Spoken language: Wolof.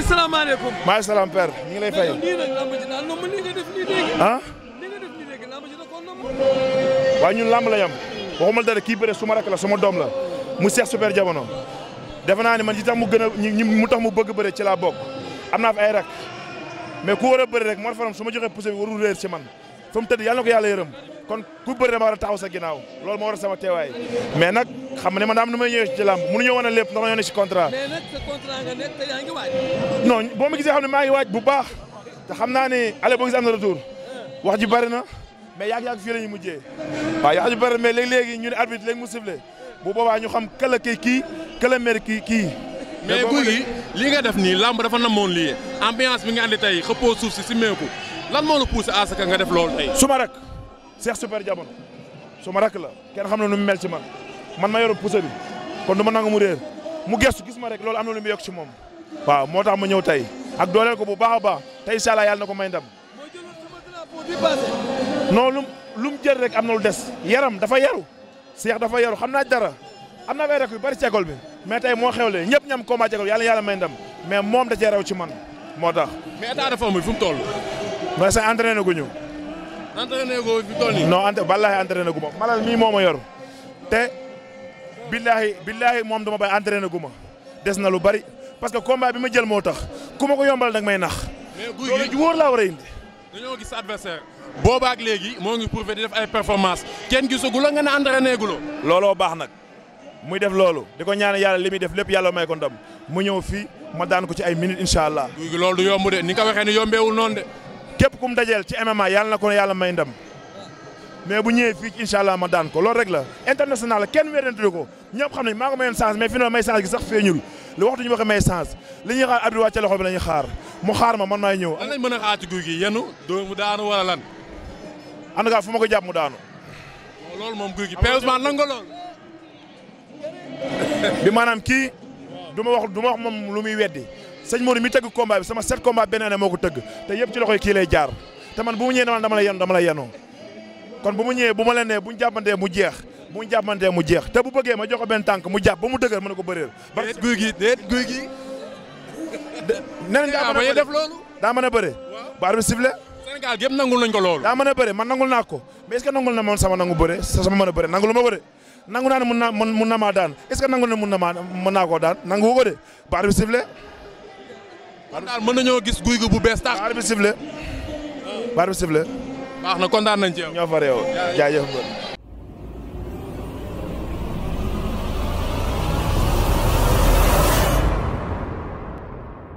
gi salaamaaleykum. maa salaam père ngi lay fay. mais nag lamb ah? ñun lamb la yam waxuma dara kii bëre suma rakk la suma doom la mu seex super jamono defe naa ne man ci tax mu gën a mu tax mu bëgg bëre ci laa bokk am naa fi ay rak mais ku war a faram su ma joxee poussé bi warul réer ci man fa mu tëdd yàlla na ko yàlla yërëm kon ku bëri dama war a sa ginnaaw loolu moo war sama teewaay mais nag xam ne man daam nu may ñëwee ci làmb mënuñu wane lépp ndax ma ñoo ne si contrat. mais nag sa contrat nga nekk te yaa boo ma gisee xam ne maa ngi waaj bu baax te xam naa ne allez boo gisee am na retour wax ji bëri na mais yàgg-yàgg fii la ñu mujjee waaw wax ji bëri mais léegi-léegi ñu ne arbitre léegi mu sifflé bu boobaa ñu xam këla kii kii këla mer kii kii mais guy lii nga def nii làmb dafa namoon lii ambiance bi nga andi tey xëppoo suuf si si lan moo la poussé à nga def loolu suma rek Cheikh Super Diamono su ma rakk la kenn xam na nu mu mel ci man man ma yoroon pousse bi kon du ma mu réer mu gestu gis rek loolu am na lu mu yokk ci moom. waaw moo tax ma ñëw tey ak dooleel ko bu baax a baax tey incha allah yàlla na ko may ndam. non lu lu mu jël rek am na des yaram dafa yaru Cheikh dafa yaru xam naa dara am na ay rek yu bari ci école bi mais tey moo xewlee ñëpp ñam combat ci école yàlla yàlla may ndam mais moom da cee ci man moo tax. mais fu mu toll. mais sa entraîné guñu entraîné ko fi toll nii. non ent wallaahi entraîné gu ma malal mii moo ma yor te billaahi billaahi moom dama bay entraîné gu ma des na lu bari parce que combat bi ma jël moo tax ku ma ko yombal nag may nax. mais guy gi wóor laa indi. dañoo gis adversaire boobaa léegi moo ngi prouvé di def ay performance kenn gisagu la nga ne entraîné gu loo. looloo baax nag muy def loolu di ko ñaan yàlla li muy def lépp yàlla may ko ndam mu ñëw fii ma daan ko ci ay minutes incha allah. guy gi loolu du yomb de ni waxee ni yombeewul noonu de. képp kum dajeel ci MMA yàlla na ko yàlla may ndam mais bu ñëwee fii incha ma daan ko loolu rek la international la kenn wérantu ko ñëpp xam nañ maa ko mayoon chance mais fi na may chance gi sax feeñul lu waxtu ñu waxee may chance li ñuy xaar abdou wàcce xaar mu xaar ma man maay ñëw lan lañ mën a xaar ci yenu doo mu daanu wala lan fu ma ko jàpp mu daanu loolu moom guy gi Père Ousmane nangu bi maanaam kii du ma wax du ma wax moom lu muy weddi sëñ Modou mi tëgg combat bi sama set combat benn année moo ko tëgg te yëpp ci loxoy kii lay jaar te man bu mu ñëwee dama la yenu dama la yenoo kon bu mu ñëwee bu ma leen nee bu ñu jàppantee mu jeex bu ñu jàppantee mu jeex te bu bëggee ma jox ko benn tànk mu jàpp ba mu dëgër mën a ko bëreel. déet guy gi déet guy gi. nen daa mën a def loolu. daa a bëre. bu arbitre sifflé. Sénégal gépp nangul nañ ko bëre naa ko mais est nangul na sama nangu bëre sama mën a bëre nangul ma bëre nangu naa ne mun naa mun na maa daan est ce que nangu na mun na maa mën naa koo daan nangu wu ko de ba arbitre sifflé. kon daal mën nañoo gis guy gu bu bees taa ba arbitre sifflé ba arbitre sifflé. baax na kontaan nañ ci yow. ñoo